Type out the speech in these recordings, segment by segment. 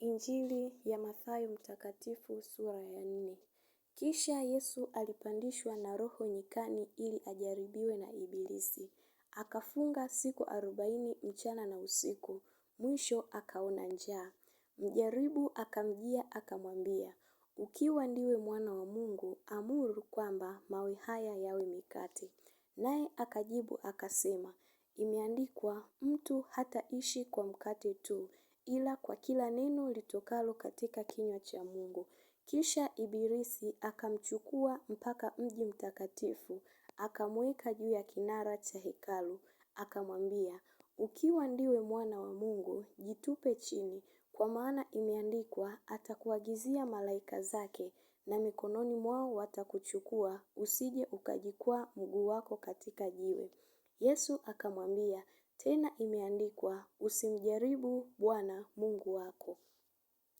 Injili ya Mathayo mtakatifu sura ya nne. Kisha Yesu alipandishwa na Roho nyikani ili ajaribiwe na Ibilisi. Akafunga siku arobaini mchana na usiku. Mwisho akaona njaa. Mjaribu akamjia akamwambia, ukiwa ndiwe mwana wa Mungu, amuru kwamba mawe haya yawe mikate. Naye akajibu akasema, imeandikwa, mtu hataishi kwa mkate tu, ila kwa kila neno litokalo katika kinywa cha Mungu. Kisha Ibilisi akamchukua mpaka mji mtakatifu, akamweka juu ya kinara cha hekalu, akamwambia, ukiwa ndiwe mwana wa Mungu, jitupe chini, kwa maana imeandikwa, atakuagizia malaika zake, na mikononi mwao watakuchukua, usije ukajikwaa mguu wako katika jiwe. Yesu akamwambia, tena imeandikwa usimjaribu Bwana Mungu wako.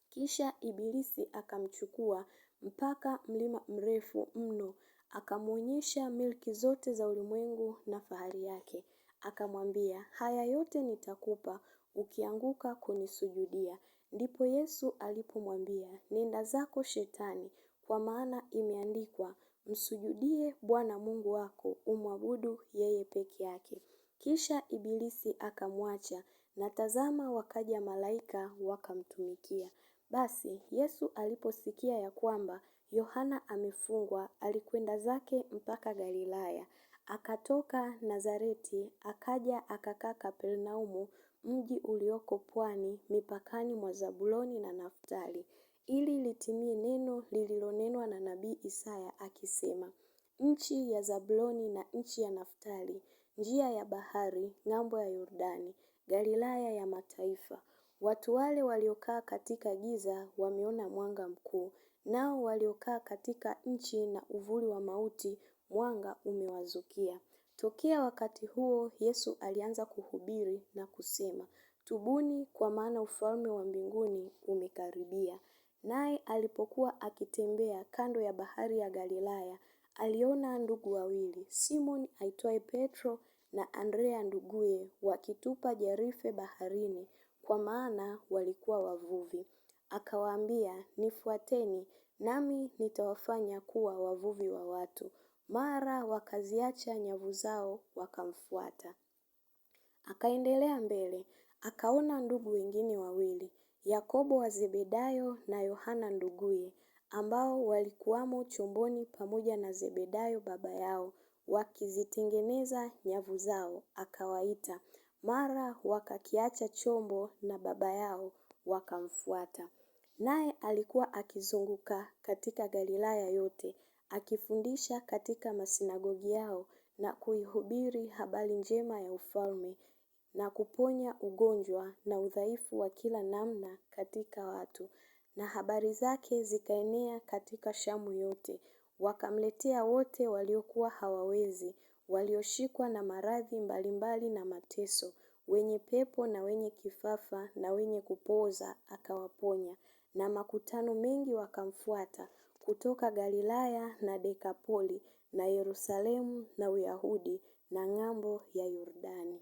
Kisha Ibilisi akamchukua mpaka mlima mrefu mno, akamwonyesha milki zote za ulimwengu na fahari yake, akamwambia, haya yote nitakupa ukianguka kunisujudia. Ndipo Yesu alipomwambia, nenda zako Shetani, kwa maana imeandikwa, msujudie Bwana Mungu wako, umwabudu yeye peke yake. Kisha Ibilisi akamwacha na tazama wakaja malaika wakamtumikia. Basi Yesu aliposikia ya kwamba Yohana amefungwa, alikwenda zake mpaka Galilaya. Akatoka Nazareti, akaja akakaa Kapernaumu, mji ulioko pwani, mipakani mwa Zabuloni na Naftali, ili litimie neno lililonenwa na nabii Isaya akisema: Nchi ya Zabuloni na nchi ya Naftali, njia ya bahari ng'ambo ya Yordani, Galilaya ya mataifa. Watu wale waliokaa katika giza wameona mwanga mkuu, nao waliokaa katika nchi na uvuli wa mauti mwanga umewazukia. Tokea wakati huo Yesu alianza kuhubiri na kusema, Tubuni kwa maana ufalme wa mbinguni umekaribia. Naye alipokuwa akitembea kando ya bahari ya Galilaya, aliona ndugu wawili, simon aitwaye Petro na Andrea nduguye, wakitupa jarife baharini, kwa maana walikuwa wavuvi. Akawaambia, Nifuateni, nami nitawafanya kuwa wavuvi wa watu. Mara wakaziacha nyavu zao, wakamfuata. Akaendelea mbele, akaona ndugu wengine wawili, Yakobo wa Zebedayo na Yohana nduguye, ambao walikuwamo chomboni pamoja na Zebedayo baba yao, wakizitengeneza nyavu zao. Akawaita, mara wakakiacha chombo na baba yao wakamfuata. Naye alikuwa akizunguka katika Galilaya yote, akifundisha katika masinagogi yao na kuihubiri habari njema ya ufalme na kuponya ugonjwa na udhaifu wa kila namna katika watu na habari zake zikaenea katika Shamu yote. Wakamletea wote waliokuwa hawawezi, walioshikwa na maradhi mbalimbali na mateso, wenye pepo na wenye kifafa na wenye kupooza akawaponya. Na makutano mengi wakamfuata kutoka Galilaya na Dekapoli na Yerusalemu na Uyahudi na ng'ambo ya Yordani.